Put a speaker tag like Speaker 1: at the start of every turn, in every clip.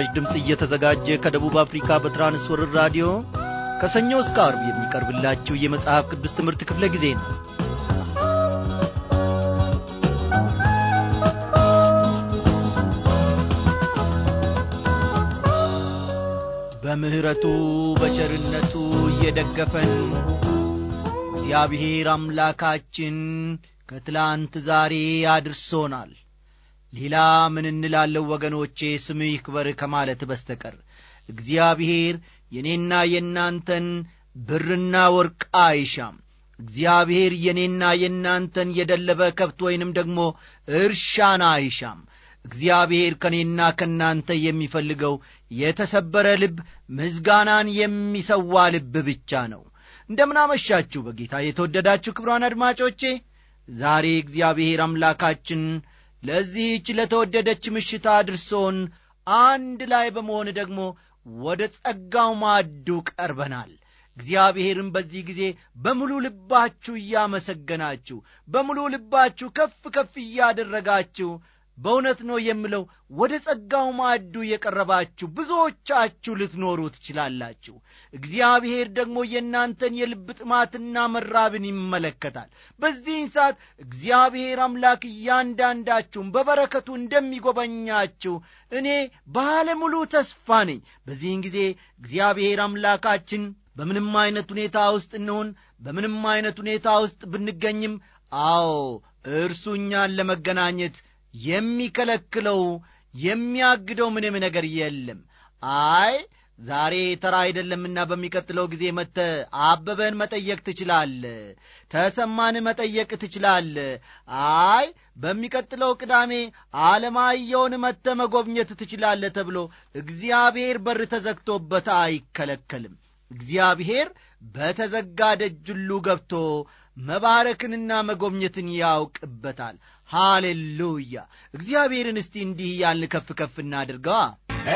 Speaker 1: ለመስራች ድምፅ እየተዘጋጀ ከደቡብ አፍሪካ በትራንስወርር ራዲዮ ከሰኞ እስከ አርብ የሚቀርብላችሁ የመጽሐፍ ቅዱስ ትምህርት ክፍለ ጊዜ ነው። በምሕረቱ በቸርነቱ እየደገፈን እግዚአብሔር አምላካችን ከትላንት ዛሬ አድርሶናል። ሌላ ምን እንላለው ወገኖቼ ስም ይክበር ከማለት በስተቀር እግዚአብሔር የኔና የእናንተን ብርና ወርቅ አይሻም እግዚአብሔር የኔና የእናንተን የደለበ ከብት ወይንም ደግሞ እርሻን አይሻም እግዚአብሔር ከእኔና ከእናንተ የሚፈልገው የተሰበረ ልብ ምዝጋናን የሚሰዋ ልብ ብቻ ነው እንደምናመሻችሁ በጌታ የተወደዳችሁ ክብሯን አድማጮቼ ዛሬ እግዚአብሔር አምላካችን ለዚህች ለተወደደች ምሽታ አድርሶን አንድ ላይ በመሆን ደግሞ ወደ ጸጋው ማዱ ቀርበናል። እግዚአብሔርን በዚህ ጊዜ በሙሉ ልባችሁ እያመሰገናችሁ፣ በሙሉ ልባችሁ ከፍ ከፍ እያደረጋችሁ በእውነት ነው የምለው ወደ ጸጋው ማዕዱ የቀረባችሁ ብዙዎቻችሁ ልትኖሩ ትችላላችሁ። እግዚአብሔር ደግሞ የእናንተን የልብ ጥማትና መራብን ይመለከታል። በዚህን ሰዓት እግዚአብሔር አምላክ እያንዳንዳችሁም በበረከቱ እንደሚጎበኛችሁ እኔ ባለሙሉ ተስፋ ነኝ። በዚህን ጊዜ እግዚአብሔር አምላካችን በምንም አይነት ሁኔታ ውስጥ እንሆን፣ በምንም አይነት ሁኔታ ውስጥ ብንገኝም፣ አዎ እርሱ እኛን ለመገናኘት የሚከለክለው የሚያግደው ምንም ነገር የለም። አይ ዛሬ ተራ አይደለምና በሚቀጥለው ጊዜ መተ አበበን መጠየቅ ትችላለ፣ ተሰማን መጠየቅ ትችላለ። አይ በሚቀጥለው ቅዳሜ አለማየውን መተ መጎብኘት ትችላለ ተብሎ እግዚአብሔር በር ተዘግቶበት አይከለከልም። እግዚአብሔር በተዘጋ ደጅሉ ገብቶ መባረክንና መጎብኘትን ያውቅበታል። ሃሌሉያ! እግዚአብሔርን እስቲ እንዲህ እያልን ከፍ ከፍ እናድርገዋ።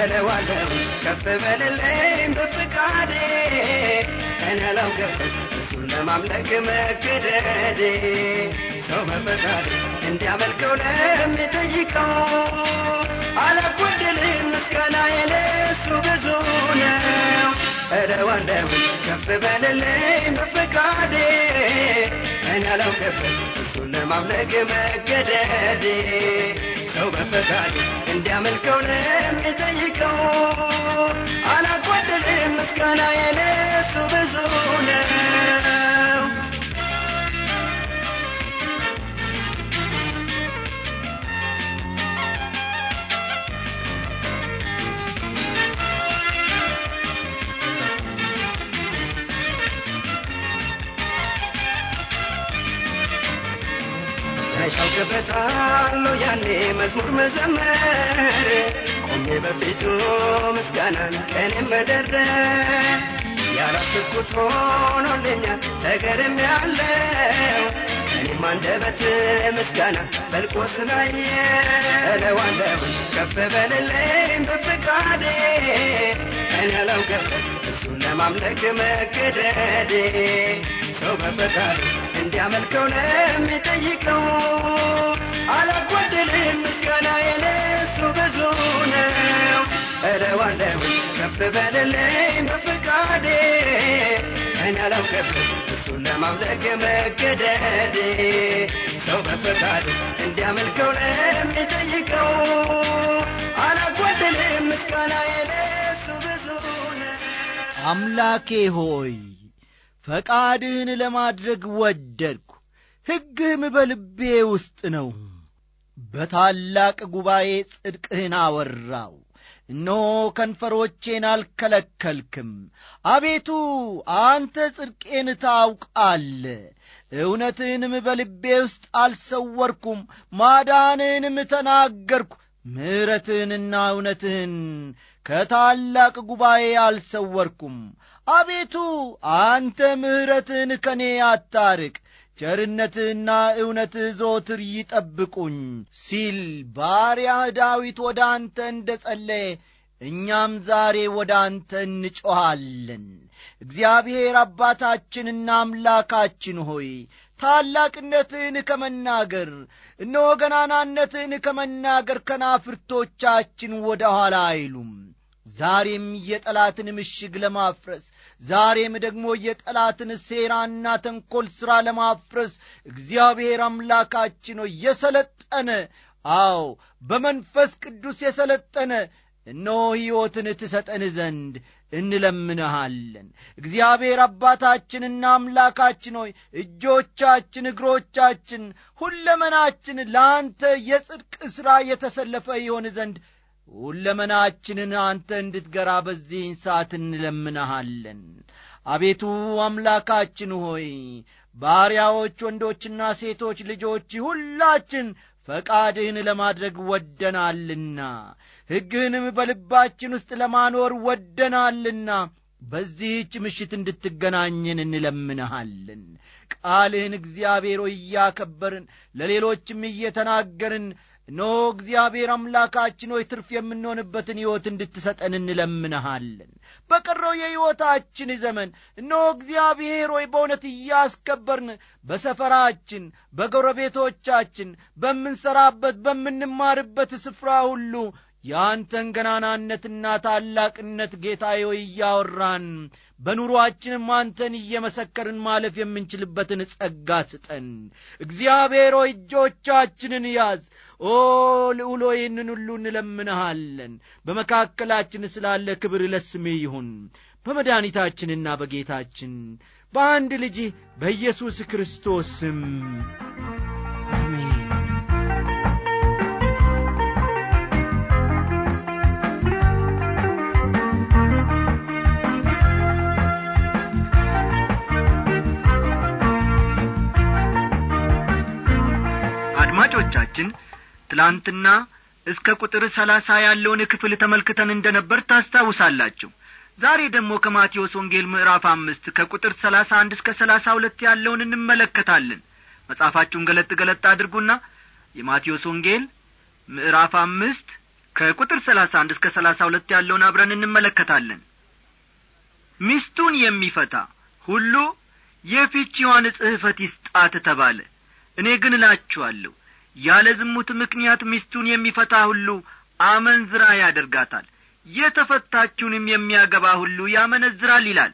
Speaker 1: እለዋለው ከፍ
Speaker 2: በልልኝ በፍቃዴ እነለው ገብ እሱን ለማምለክ መገደዴ ሰው መፈቃዴ እንዲያመልከው ለሚጠይቀው አላጎደልም ምስጋናዬ ለእሱ ብዙ እለዋለሁ ከፍ በልልኝ በፈቃዴ እኔ አላውቅበት እሱን ለማምለክ መገደዴ ሰው በፈቃዱ እንዲያመልከው ነው የጠይቀው አላጓደልም ምስጋናዬ ለእሱ ብዙ ነው መነሻው ገበታ ነው ያኔ መዝሙር መዘመር ቆሜ በፊቱ ምስጋናን ቀኔ መደረብ ያላስኩት ሆኖልኛል ተገርም ያለ እኔም አንደበት ምስጋና በልቆ ስላየለዋለሁ ከፍ በልልኝ በፍቃዴ እኔ አላውቅም እሱን ለማምለክ መገደዴ ሰው በፈቃዱ እንዲያመልከው ነው የሚጠይቀው አላጓደልም ምስጋና የነሱ ብዙ ነው እለዋለሁ ከፍ በልልኝ በፍቃዴ እኔ አላውቅም እሱን ለማምለክ መገደዴ ሰው በፈቃዱ እንዲያመልከው ነው የሚጠይቀው ምስጋና ብዙ ነው
Speaker 1: አምላኬ ሆይ ፈቃድህን ለማድረግ ወደድኩ፣ ሕግህም በልቤ ውስጥ ነው። በታላቅ ጉባኤ ጽድቅህን አወራው። እነሆ ከንፈሮቼን አልከለከልክም። አቤቱ አንተ ጽድቄን ታውቃለ፣ እውነትህንም በልቤ ውስጥ አልሰወርኩም። ማዳንህንም ተናገርኩ። ምሕረትህንና እውነትህን ከታላቅ ጉባኤ አልሰወርኩም። አቤቱ አንተ ምሕረትን ከኔ አታርቅ ቸርነትህና እውነትህ ዞትር ይጠብቁኝ ሲል ባሪያህ ዳዊት ወደ አንተ እንደ ጸለየ እኛም ዛሬ ወደ አንተ እንጮኋለን እግዚአብሔር አባታችንና አምላካችን ሆይ ታላቅነትን ከመናገር እነሆ ከመናገር ከናፍርቶቻችን ወደ ኋላ አይሉም። ዛሬም የጠላትን ምሽግ ለማፍረስ ዛሬም ደግሞ የጠላትን ሴራና ተንኰል ሥራ ለማፍረስ እግዚአብሔር አምላካችን ሆይ የሰለጠነ አዎ በመንፈስ ቅዱስ የሰለጠነ እነሆ ሕይወትን ትሰጠን ዘንድ እንለምንሃለን። እግዚአብሔር አባታችንና አምላካችን ሆይ እጆቻችን፣ እግሮቻችን፣ ሁለመናችን ለአንተ የጽድቅ ሥራ የተሰለፈ ይሆን ዘንድ ሁለመናችንን አንተ እንድትገራ በዚህን ሰዓት እንለምንሃለን። አቤቱ አምላካችን ሆይ ባሪያዎች ወንዶችና ሴቶች ልጆች ሁላችን ፈቃድህን ለማድረግ ወደናልና ሕግህንም በልባችን ውስጥ ለማኖር ወደናልና በዚህች ምሽት እንድትገናኘን እንለምንሃለን። ቃልህን እግዚአብሔር እያከበርን ለሌሎችም እየተናገርን እነሆ እግዚአብሔር አምላካችን ሆይ ትርፍ የምንሆንበትን ሕይወት እንድትሰጠን እንለምንሃለን በቀረው የሕይወታችን ዘመን እነሆ እግዚአብሔር ሆይ በእውነት እያስከበርን በሰፈራችን በጎረቤቶቻችን በምንሠራበት በምንማርበት ስፍራ ሁሉ ያንተን ገናናነትና ታላቅነት ጌታዬ ሆይ እያወራን በኑሮአችንም አንተን እየመሰከርን ማለፍ የምንችልበትን ጸጋ ስጠን እግዚአብሔር ሆይ እጆቻችንን ያዝ ኦ ልዑሎ ይህንን ሁሉ እንለምንሃለን በመካከላችን ስላለ ክብር ለስሜ ይሁን በመድኒታችንና በጌታችን በአንድ ልጅ በኢየሱስ ክርስቶስ አድማጮቻችን ትላንትና እስከ ቁጥር ሰላሳ ያለውን ክፍል ተመልክተን እንደ ነበር ታስታውሳላችሁ ዛሬ ደግሞ ከማቴዎስ ወንጌል ምዕራፍ አምስት ከቁጥር ሰላሳ አንድ እስከ ሰላሳ ሁለት ያለውን እንመለከታለን መጻፋችሁን ገለጥ ገለጥ አድርጉና የማቴዎስ ወንጌል ምዕራፍ አምስት ከቁጥር ሰላሳ አንድ እስከ ሰላሳ ሁለት ያለውን አብረን እንመለከታለን ሚስቱን የሚፈታ ሁሉ የፍቺዋን ጽሕፈት ይስጣት ተባለ እኔ ግን እላችኋለሁ ያለ ዝሙት ምክንያት ሚስቱን የሚፈታ ሁሉ አመንዝራ ያደርጋታል የተፈታችውንም የሚያገባ ሁሉ ያመነዝራል ይላል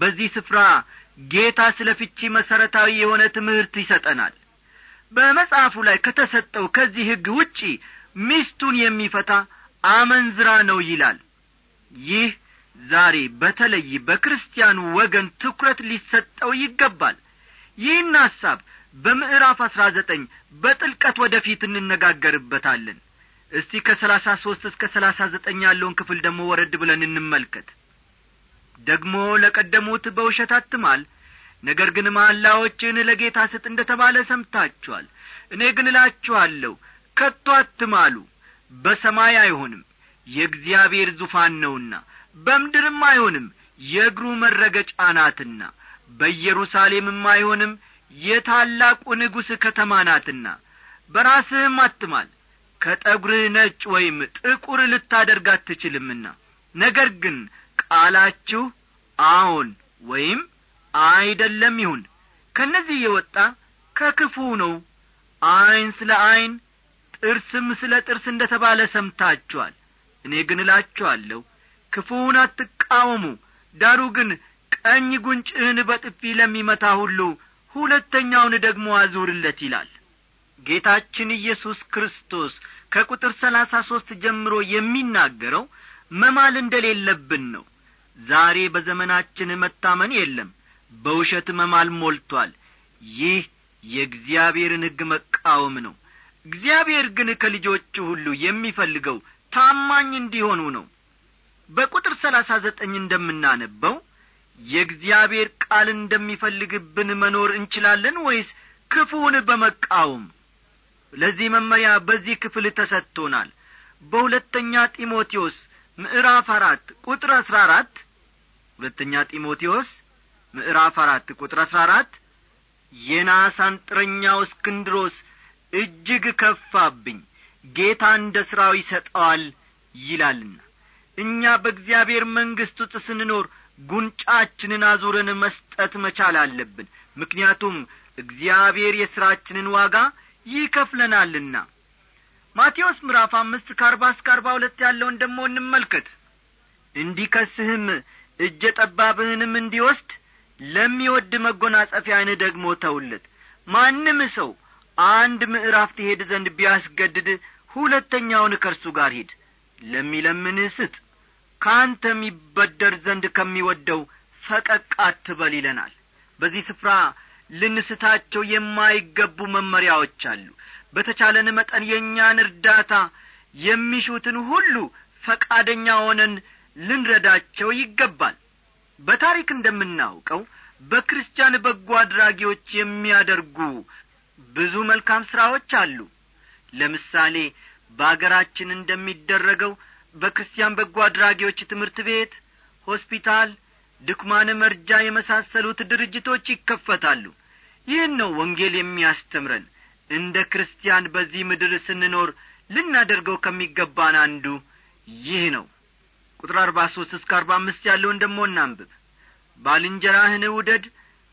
Speaker 1: በዚህ ስፍራ ጌታ ስለ ፍቺ መሠረታዊ የሆነ ትምህርት ይሰጠናል በመጽሐፉ ላይ ከተሰጠው ከዚህ ሕግ ውጪ ሚስቱን የሚፈታ አመንዝራ ነው ይላል ይህ ዛሬ በተለይ በክርስቲያኑ ወገን ትኩረት ሊሰጠው ይገባል ይህን ሐሳብ በምዕራፍ አሥራ ዘጠኝ በጥልቀት ወደፊት እንነጋገርበታለን እስቲ ከሰላሳ ሦስት እስከ ሰላሳ ዘጠኝ ያለውን ክፍል ደግሞ ወረድ ብለን እንመልከት ደግሞ ለቀደሙት በውሸት አትማል ነገር ግን ማላዎችን ለጌታ ስጥ እንደ ተባለ ሰምታችኋል እኔ ግን እላችኋለሁ ከቶ አትማሉ በሰማይ አይሆንም የእግዚአብሔር ዙፋን ነውና በምድርም አይሆንም የእግሩ መረገጫ ናትና በኢየሩሳሌምም አይሆንም የታላቁ ንጉሥ ከተማ ናትና በራስህም አትማል ከጠጒርህ ነጭ ወይም ጥቁር ልታደርግ አትችልምና ነገር ግን ቃላችሁ አዎን ወይም አይደለም ይሁን ከእነዚህ የወጣ ከክፉ ነው ዐይን ስለ ዐይን ጥርስም ስለ ጥርስ እንደ ተባለ ሰምታችኋል እኔ ግን እላችኋለሁ ክፉውን አትቃወሙ ዳሩ ግን ቀኝ ጒንጭህን በጥፊ ለሚመታ ሁሉ ሁለተኛውን ደግሞ አዙርለት ይላል ጌታችን ኢየሱስ ክርስቶስ ከቁጥር ሰላሳ ሦስት ጀምሮ የሚናገረው መማል እንደሌለብን ነው ዛሬ በዘመናችን መታመን የለም በውሸት መማል ሞልቷል ይህ የእግዚአብሔርን ሕግ መቃወም ነው እግዚአብሔር ግን ከልጆቹ ሁሉ የሚፈልገው ታማኝ እንዲሆኑ ነው በቁጥር ሰላሳ ዘጠኝ እንደምናነበው የእግዚአብሔር ቃል እንደሚፈልግብን መኖር እንችላለን ወይስ ክፉውን በመቃወም ለዚህ መመሪያ በዚህ ክፍል ተሰጥቶናል በሁለተኛ ጢሞቴዎስ ምዕራፍ አራት ቁጥር አሥራ አራት ሁለተኛ ጢሞቴዎስ ምዕራፍ አራት ቁጥር አሥራ አራት የናስ አንጥረኛው እስክንድሮስ እጅግ ከፋብኝ ጌታ እንደ ሥራው ይሰጠዋል ይላልና እኛ በእግዚአብሔር መንግሥት ውጥ ስንኖር ጉንጫችንን አዙረን መስጠት መቻል አለብን ምክንያቱም እግዚአብሔር የሥራችንን ዋጋ ይከፍለናልና ማቴዎስ ምዕራፍ አምስት ከአርባ እስከ አርባ ሁለት ያለውን ደሞ እንመልከት እንዲከስህም እጀ ጠባብህንም እንዲወስድ ለሚወድ መጐናጸፊያን ደግሞ ተውለት ማንም ሰው አንድ ምዕራፍ ትሄድ ዘንድ ቢያስገድድ ሁለተኛውን ከእርሱ ጋር ሂድ ለሚለምንህ ስጥ ከአንተ የሚበደር ዘንድ ከሚወደው ፈቀቅ አትበል ይለናል በዚህ ስፍራ ልንስታቸው የማይገቡ መመሪያዎች አሉ በተቻለን መጠን የእኛን እርዳታ የሚሹትን ሁሉ ፈቃደኛ ሆነን ልንረዳቸው ይገባል በታሪክ እንደምናውቀው በክርስቲያን በጎ አድራጊዎች የሚያደርጉ ብዙ መልካም ሥራዎች አሉ ለምሳሌ በአገራችን እንደሚደረገው በክርስቲያን በጎ አድራጊዎች ትምህርት ቤት ሆስፒታል ድኩማን መርጃ የመሳሰሉት ድርጅቶች ይከፈታሉ ይህን ነው ወንጌል የሚያስተምረን እንደ ክርስቲያን በዚህ ምድር ስንኖር ልናደርገው ከሚገባን አንዱ ይህ ነው ቁጥር አርባ ሦስት እስከ አርባ አምስት ያለውን ደሞ እናንብብ ባልንጀራህን ውደድ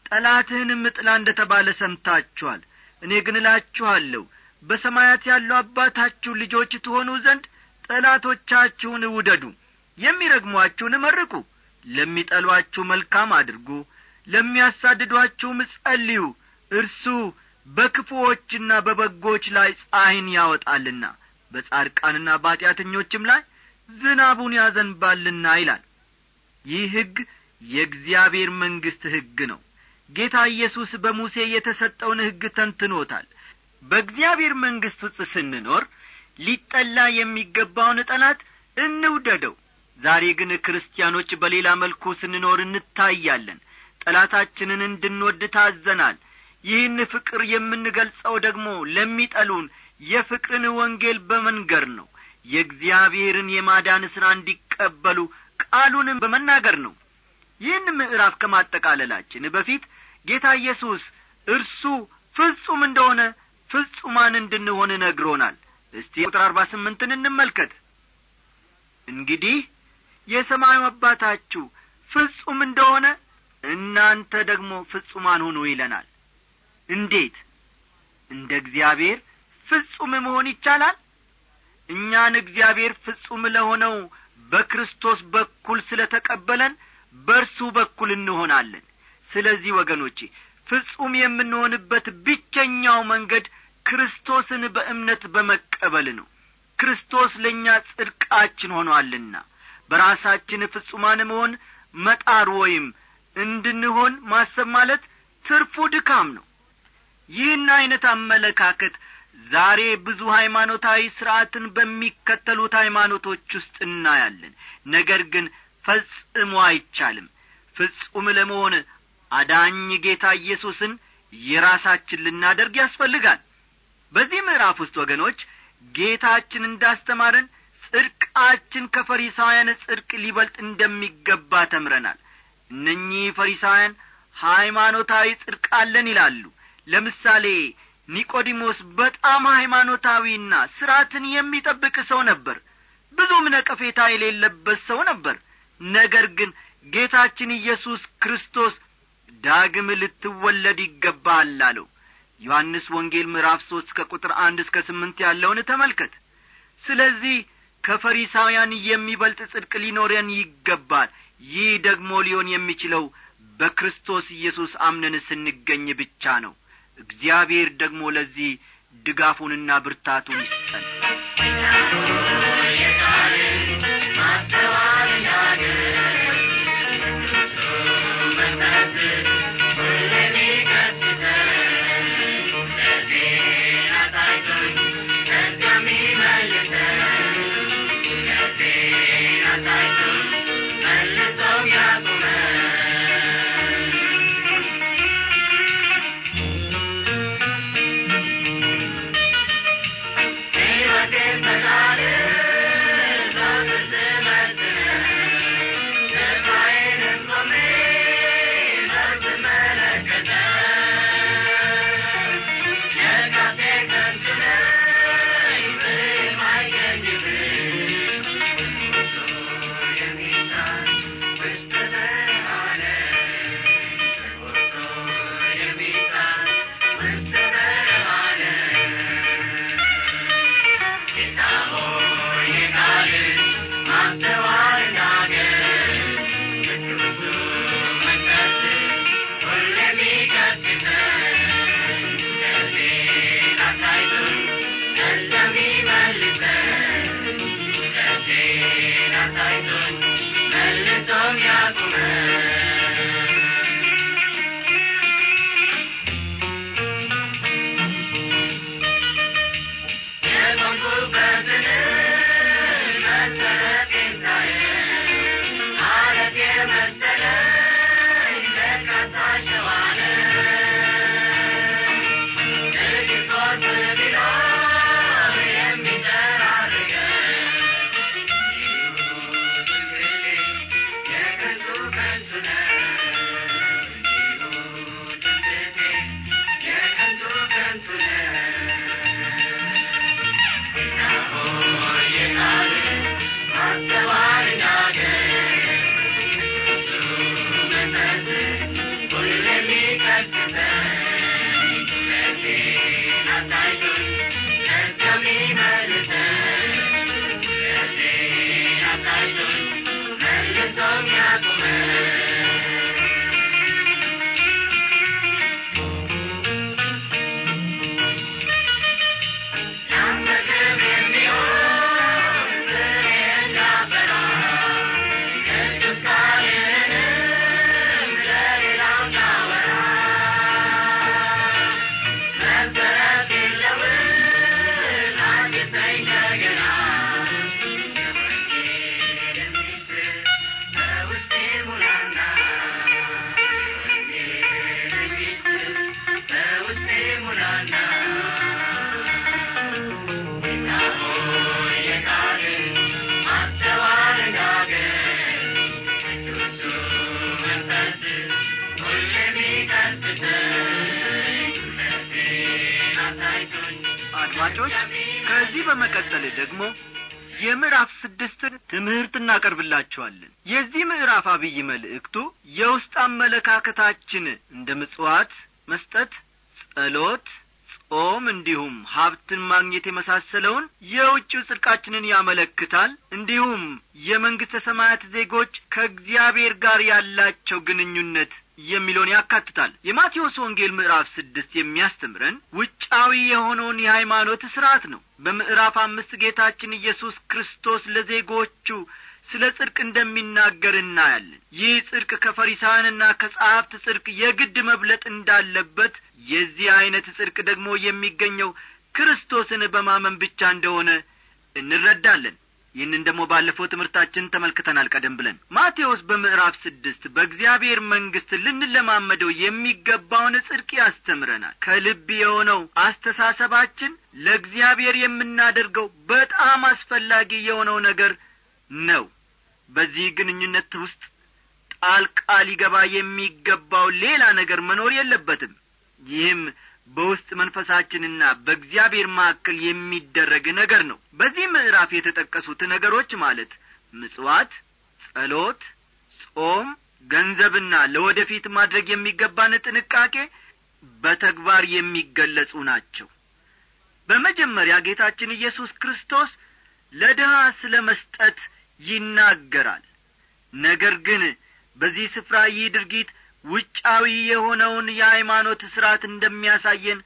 Speaker 1: ጠላትህንም ጥላ እንደ ተባለ ሰምታችኋል እኔ ግን እላችኋለሁ በሰማያት ያለው አባታችሁ ልጆች ትሆኑ ዘንድ ጠላቶቻችሁን እውደዱ የሚረግሟችሁን መርቁ ለሚጠሏችሁ መልካም አድርጉ ለሚያሳድዷችሁም ጸልዩ እርሱ በክፉዎችና በበጎች ላይ ፀሐይን ያወጣልና በጻድቃንና በኀጢአተኞችም ላይ ዝናቡን ያዘንባልና ይላል ይህ ሕግ የእግዚአብሔር መንግሥት ሕግ ነው ጌታ ኢየሱስ በሙሴ የተሰጠውን ሕግ ተንትኖታል በእግዚአብሔር መንግሥት ውስጥ ስንኖር ሊጠላ የሚገባውን ጠላት እንውደደው ዛሬ ግን ክርስቲያኖች በሌላ መልኩ ስንኖር እንታያለን ጠላታችንን እንድንወድ ታዘናል ይህን ፍቅር የምንገልጸው ደግሞ ለሚጠሉን የፍቅርን ወንጌል በመንገር ነው የእግዚአብሔርን የማዳን ሥራ እንዲቀበሉ ቃሉንም በመናገር ነው ይህን ምዕራፍ ከማጠቃለላችን በፊት ጌታ ኢየሱስ እርሱ ፍጹም እንደሆነ ፍጹማን እንድንሆን ነግሮናል እስቲ ቁጥር አርባ ስምንትን እንመልከት እንግዲህ የሰማዩ አባታችሁ ፍጹም እንደሆነ እናንተ ደግሞ ፍጹማን ሁኑ ይለናል እንዴት እንደ እግዚአብሔር ፍጹም መሆን ይቻላል እኛን እግዚአብሔር ፍጹም ለሆነው በክርስቶስ በኩል ስለ ተቀበለን በእርሱ በኩል እንሆናለን ስለዚህ ወገኖቼ ፍጹም የምንሆንበት ብቸኛው መንገድ ክርስቶስን በእምነት በመቀበል ነው ክርስቶስ ለእኛ ጽድቃችን ሆኗልና በራሳችን ፍጹማን መሆን መጣር ወይም እንድንሆን ማሰብ ማለት ትርፉ ድካም ነው ይህን ዐይነት አመለካከት ዛሬ ብዙ ሃይማኖታዊ ሥርዐትን በሚከተሉት ሃይማኖቶች ውስጥ እናያለን ነገር ግን ፈጽሞ አይቻልም ፍጹም ለመሆን አዳኝ ጌታ ኢየሱስን የራሳችን ልናደርግ ያስፈልጋል በዚህ ምዕራፍ ውስጥ ወገኖች ጌታችን እንዳስተማረን ጽድቃችን ከፈሪሳውያን ጽድቅ ሊበልጥ እንደሚገባ ተምረናል እነኚህ ፈሪሳውያን ሃይማኖታዊ ጽድቅ አለን ይላሉ ለምሳሌ ኒቆዲሞስ በጣም ሃይማኖታዊና ስርዓትን የሚጠብቅ ሰው ነበር ብዙም ነቀፌታ የሌለበት ሰው ነበር ነገር ግን ጌታችን ኢየሱስ ክርስቶስ ዳግም ልትወለድ ይገባል አለው ዮሐንስ ወንጌል ምዕራፍ ሦስት ከቁጥር አንድ እስከ ስምንት ያለውን ተመልከት ስለዚህ ከፈሪሳውያን የሚበልጥ ጽድቅ ሊኖረን ይገባል ይህ ደግሞ ሊሆን የሚችለው በክርስቶስ ኢየሱስ አምነን ስንገኝ ብቻ ነው እግዚአብሔር ደግሞ ለዚህ ድጋፉንና ብርታቱን ይስጠን እናቀርብላችኋለን የዚህ ምዕራፍ አብይ መልእክቱ የውስጥ አመለካከታችን እንደ ምጽዋት መስጠት ጸሎት ጾም እንዲሁም ሀብትን ማግኘት የመሳሰለውን የውጭው ጽድቃችንን ያመለክታል እንዲሁም የመንግሥተ ሰማያት ዜጎች ከእግዚአብሔር ጋር ያላቸው ግንኙነት የሚለውን ያካትታል የማቴዎስ ወንጌል ምዕራፍ ስድስት የሚያስተምረን ውጫዊ የሆነውን የሃይማኖት ሥርዓት ነው በምዕራፍ አምስት ጌታችን ኢየሱስ ክርስቶስ ለዜጎቹ ስለ ጽድቅ እንደሚናገር እናያለን ይህ ጽድቅ ከፈሪሳውያንና ከጸሐፍት ጽድቅ የግድ መብለጥ እንዳለበት የዚህ ዐይነት ጽድቅ ደግሞ የሚገኘው ክርስቶስን በማመን ብቻ እንደሆነ እንረዳለን ይህንን ደግሞ ባለፈው ትምህርታችን ተመልክተናል ቀደም ብለን ማቴዎስ በምዕራፍ ስድስት በእግዚአብሔር መንግስት ልንለማመደው የሚገባውን ጽድቅ ያስተምረናል ከልብ የሆነው አስተሳሰባችን ለእግዚአብሔር የምናደርገው በጣም አስፈላጊ የሆነው ነገር ነው በዚህ ግንኙነት ውስጥ ጣልቃ ሊገባ የሚገባው ሌላ ነገር መኖር የለበትም ይህም በውስጥ መንፈሳችንና በእግዚአብሔር ማዕከል የሚደረግ ነገር ነው በዚህ ምዕራፍ የተጠቀሱት ነገሮች ማለት ምጽዋት ጸሎት ጾም ገንዘብና ለወደፊት ማድረግ የሚገባን ጥንቃቄ በተግባር የሚገለጹ ናቸው በመጀመሪያ ጌታችን ኢየሱስ ክርስቶስ ለድሃ ስለ መስጠት ይናገራል ነገር ግን በዚህ ስፍራ ይህ ድርጊት ውጫዊ የሆነውን የሃይማኖት ሥርዓት እንደሚያሳየን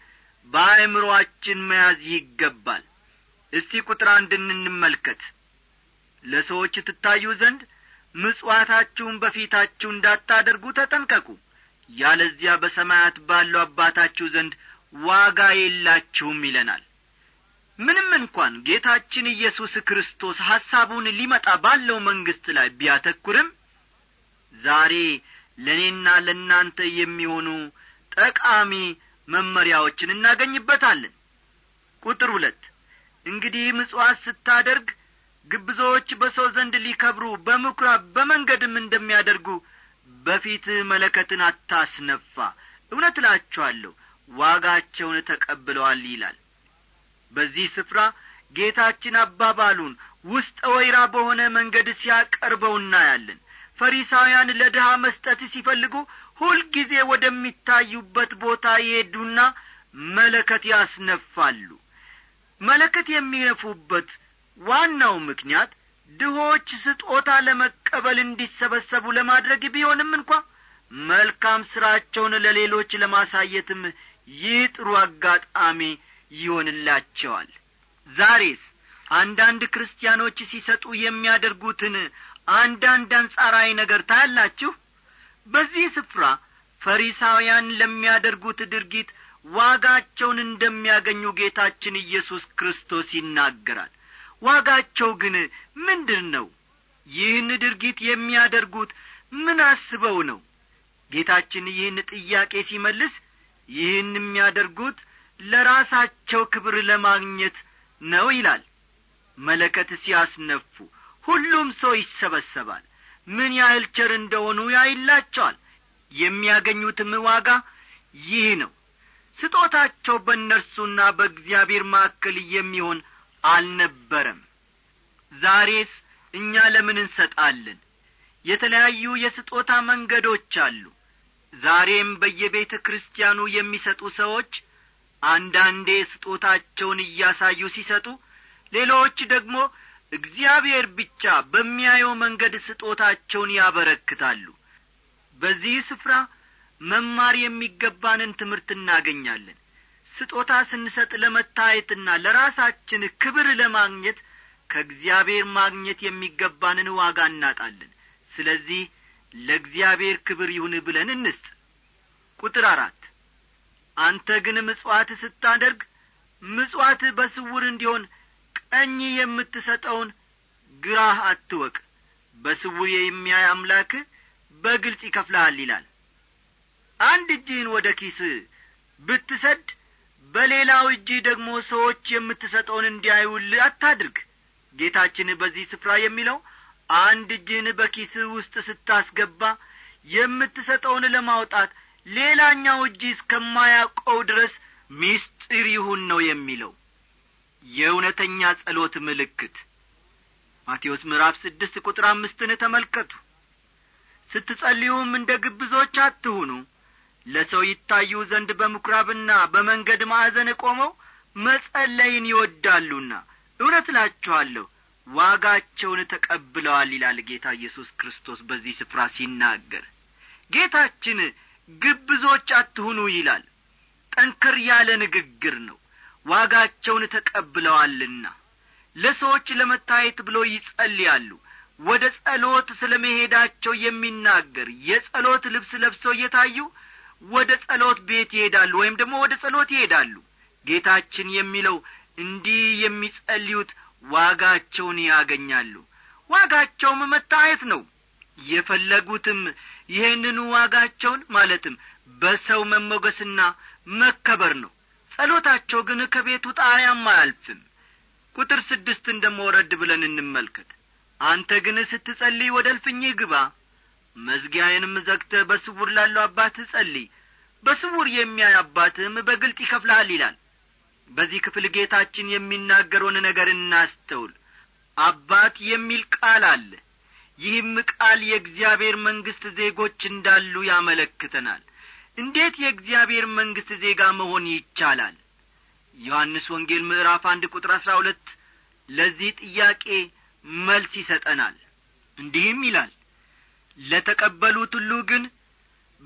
Speaker 1: በአእምሮአችን መያዝ ይገባል እስቲ ቁጥር አንድ እንመልከት ለሰዎች ትታዩ ዘንድ ምጽዋታችሁን በፊታችሁ እንዳታደርጉ ተጠንቀቁ ያለዚያ በሰማያት ባለው አባታችሁ ዘንድ ዋጋ የላችሁም ይለናል ምንም እንኳን ጌታችን ኢየሱስ ክርስቶስ ሐሳቡን ሊመጣ ባለው መንግሥት ላይ ቢያተኩርም ዛሬ ለእኔና ለእናንተ የሚሆኑ ጠቃሚ መመሪያዎችን እናገኝበታለን ቁጥር ሁለት እንግዲህ ምጽዋት ስታደርግ ግብዞች በሰው ዘንድ ሊከብሩ በምኵራብ በመንገድም እንደሚያደርጉ በፊት መለከትን አታስነፋ እውነት እላችኋለሁ ዋጋቸውን ተቀብለዋል ይላል በዚህ ስፍራ ጌታችን አባባሉን ውስጥ ወይራ በሆነ መንገድ ሲያቀርበው እናያለን ፈሪሳውያን ለድሃ መስጠት ሲፈልጉ ሁልጊዜ ወደሚታዩበት ቦታ ይሄዱና መለከት ያስነፋሉ መለከት የሚነፉበት ዋናው ምክንያት ድሆች ስጦታ ለመቀበል እንዲሰበሰቡ ለማድረግ ቢሆንም እንኳ መልካም ሥራቸውን ለሌሎች ለማሳየትም ይህ ጥሩ አጋጣሚ ይሆንላቸዋል ዛሬስ አንዳንድ ክርስቲያኖች ሲሰጡ የሚያደርጉትን አንዳንድ አንጻራዊ ነገር ታያላችሁ በዚህ ስፍራ ፈሪሳውያን ለሚያደርጉት ድርጊት ዋጋቸውን እንደሚያገኙ ጌታችን ኢየሱስ ክርስቶስ ይናገራል ዋጋቸው ግን ምንድን ነው ይህን ድርጊት የሚያደርጉት ምን አስበው ነው ጌታችን ይህን ጥያቄ ሲመልስ ይህን የሚያደርጉት ለራሳቸው ክብር ለማግኘት ነው ይላል መለከት ሲያስነፉ ሁሉም ሰው ይሰበሰባል ምን ያህል ቸር እንደሆኑ ያይላቸዋል የሚያገኙትም ዋጋ ይህ ነው ስጦታቸው በእነርሱና በእግዚአብሔር ማዕከል የሚሆን አልነበረም ዛሬስ እኛ ለምን እንሰጣለን የተለያዩ የስጦታ መንገዶች አሉ ዛሬም በየቤተ ክርስቲያኑ የሚሰጡ ሰዎች አንዳንዴ ስጦታቸውን እያሳዩ ሲሰጡ ሌሎች ደግሞ እግዚአብሔር ብቻ በሚያየው መንገድ ስጦታቸውን ያበረክታሉ በዚህ ስፍራ መማር የሚገባንን ትምህርት እናገኛለን ስጦታ ስንሰጥ ለመታየትና ለራሳችን ክብር ለማግኘት ከእግዚአብሔር ማግኘት የሚገባንን ዋጋ እናጣለን ስለዚህ ለእግዚአብሔር ክብር ይሁን ብለን እንስጥ ቁጥር አራት አንተ ግን ምጽዋት ስታደርግ ምጽዋት በስውር እንዲሆን ቀኝ የምትሰጠውን ግራህ አትወቅ በስውር የሚያይ አምላክ በግልጽ ይከፍልሃል ይላል አንድ እጅህን ወደ ኪስ ብትሰድ በሌላው እጅህ ደግሞ ሰዎች የምትሰጠውን እንዲያዩል አታድርግ ጌታችን በዚህ ስፍራ የሚለው አንድ እጅህን በኪስ ውስጥ ስታስገባ የምትሰጠውን ለማውጣት ሌላኛው እጅ እስከማያውቀው ድረስ ሚስጢር ይሁን ነው የሚለው የእውነተኛ ጸሎት ምልክት ማቴዎስ ምዕራፍ ስድስት ቁጥር አምስትን ተመልከቱ ስትጸልዩም እንደ ግብዞች አትሁኑ ለሰው ይታዩ ዘንድ በምኵራብና በመንገድ ማዕዘን ቆመው መጸለይን ይወዳሉና እውነት ላችኋለሁ ዋጋቸውን ተቀብለዋል ይላል ጌታ ኢየሱስ ክርስቶስ በዚህ ስፍራ ሲናገር ጌታችን ግብዞች አትሁኑ ይላል ጠንከር ያለ ንግግር ነው ዋጋቸውን ተቀብለዋልና ለሰዎች ለመታየት ብሎ ይጸልያሉ ወደ ጸሎት ስለ መሄዳቸው የሚናገር የጸሎት ልብስ ለብሰው እየታዩ ወደ ጸሎት ቤት ይሄዳሉ ወይም ደግሞ ወደ ጸሎት ይሄዳሉ ጌታችን የሚለው እንዲህ የሚጸልዩት ዋጋቸውን ያገኛሉ ዋጋቸውም መታየት ነው የፈለጉትም ይህንን ዋጋቸውን ማለትም በሰው መሞገስና መከበር ነው ጸሎታቸው ግን ከቤቱ ጣሪያም አያልፍም ቁጥር ስድስት እንደመወረድ ብለን እንመልከት አንተ ግን ስትጸልይ ወደ እልፍኝህ ግባ መዝጊያዬንም ዘግተ በስውር ላለው አባት ጸልይ በስውር የሚያይ አባትም በግልጥ ይከፍልሃል ይላል በዚህ ክፍል ጌታችን የሚናገረውን ነገር እናስተውል አባት የሚል ቃል አለ ይህም ቃል የእግዚአብሔር መንግሥት ዜጎች እንዳሉ ያመለክተናል እንዴት የእግዚአብሔር መንግሥት ዜጋ መሆን ይቻላል ዮሐንስ ወንጌል ምዕራፍ አንድ ቁጥር አሥራ ሁለት ለዚህ ጥያቄ መልስ ይሰጠናል እንዲህም ይላል ለተቀበሉት ሁሉ ግን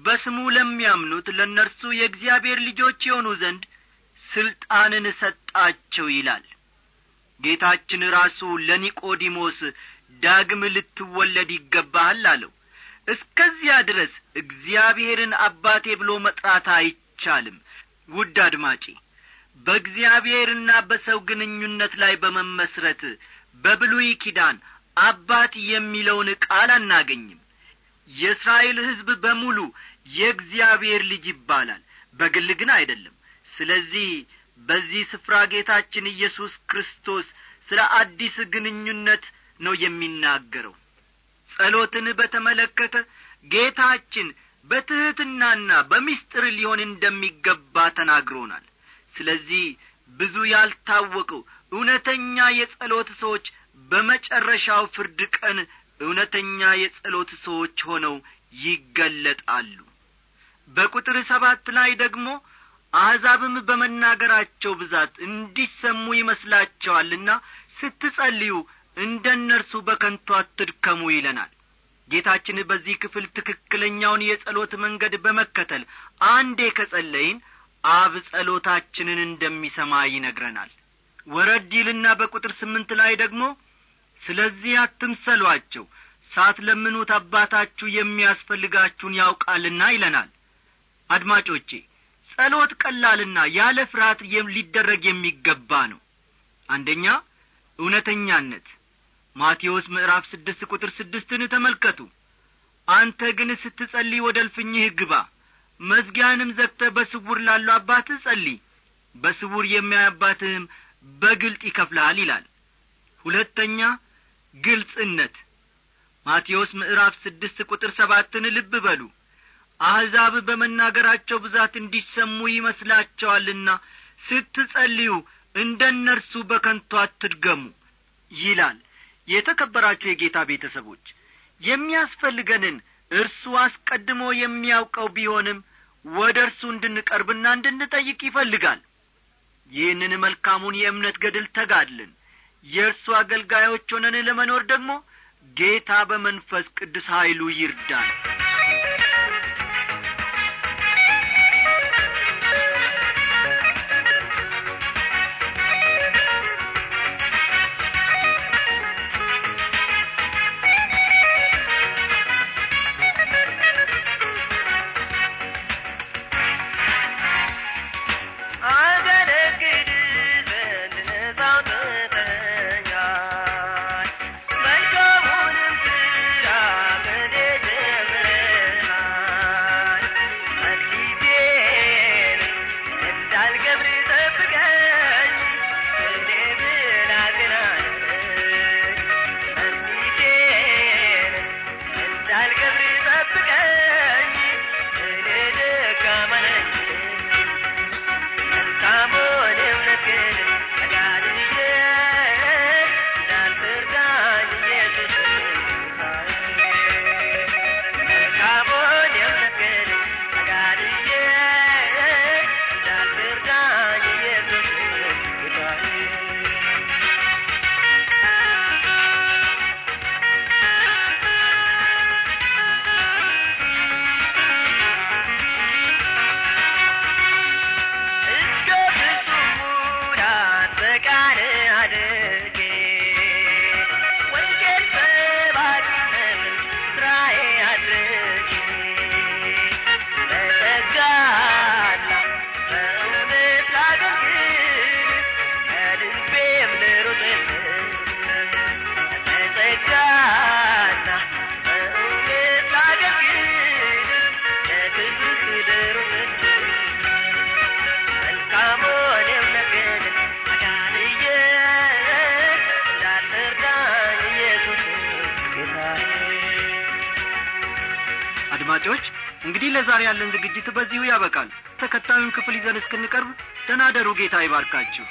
Speaker 1: በስሙ ለሚያምኑት ለእነርሱ የእግዚአብሔር ልጆች የሆኑ ዘንድ ሥልጣንን ሰጣቸው ይላል ጌታችን ራሱ ለኒቆዲሞስ ዳግም ልትወለድ ይገባሃል አለው እስከዚያ ድረስ እግዚአብሔርን አባቴ ብሎ መጥራት አይቻልም ውድ አድማጪ በእግዚአብሔርና በሰው ግንኙነት ላይ በመመስረት በብሉይ ኪዳን አባት የሚለውን ቃል አናገኝም የእስራኤል ሕዝብ በሙሉ የእግዚአብሔር ልጅ ይባላል በግል ግን አይደለም ስለዚህ በዚህ ስፍራ ጌታችን ኢየሱስ ክርስቶስ ስለ አዲስ ግንኙነት ነው የሚናገረው ጸሎትን በተመለከተ ጌታችን በትሕትናና በምስጢር ሊሆን እንደሚገባ ተናግሮናል ስለዚህ ብዙ ያልታወቀው እውነተኛ የጸሎት ሰዎች በመጨረሻው ፍርድ ቀን እውነተኛ የጸሎት ሰዎች ሆነው ይገለጣሉ በቁጥር ሰባት ላይ ደግሞ አሕዛብም በመናገራቸው ብዛት እንዲሰሙ ይመስላቸዋልና ስትጸልዩ እንደ እነርሱ በከንቱ አትድከሙ ይለናል ጌታችን በዚህ ክፍል ትክክለኛውን የጸሎት መንገድ በመከተል አንዴ ከጸለይን አብ ጸሎታችንን እንደሚሰማ ይነግረናል ወረድ ይልና በቁጥር ስምንት ላይ ደግሞ ስለዚህ አትምሰሏቸው ለምኑት አባታችሁ የሚያስፈልጋችሁን ያውቃልና ይለናል አድማጮቼ ጸሎት ቀላልና ያለ ፍርሃት ሊደረግ የሚገባ ነው አንደኛ እውነተኛነት ማቴዎስ ምዕራፍ ስድስት ቁጥር ስድስትን ተመልከቱ አንተ ግን ስትጸልይ ወደ እልፍኝህ ግባ መዝጊያንም ዘግተ በስውር ላለው አባትህ ጸልይ በስውር የሚያይ በግልጥ ይከፍልሃል ይላል ሁለተኛ ግልጽነት ማቴዎስ ምዕራፍ ስድስት ቁጥር ሰባትን ልብ በሉ አሕዛብ በመናገራቸው ብዛት እንዲሰሙ ይመስላቸዋልና ስትጸልዩ እንደ እነርሱ በከንቱ አትድገሙ ይላል የተከበራችሁ የጌታ ቤተሰቦች የሚያስፈልገንን እርሱ አስቀድሞ የሚያውቀው ቢሆንም ወደ እርሱ እንድንቀርብና እንድንጠይቅ ይፈልጋል ይህንን መልካሙን የእምነት ገድል ተጋድልን የእርሱ አገልጋዮች ሆነን ለመኖር ደግሞ ጌታ በመንፈስ ቅዱስ ኀይሉ ይርዳል ለዛሬ ያለን ዝግጅት በዚሁ ያበቃል ተከታዩን ክፍል ይዘን እስክንቀርብ ደናደሩ ጌታ ይባርካችሁ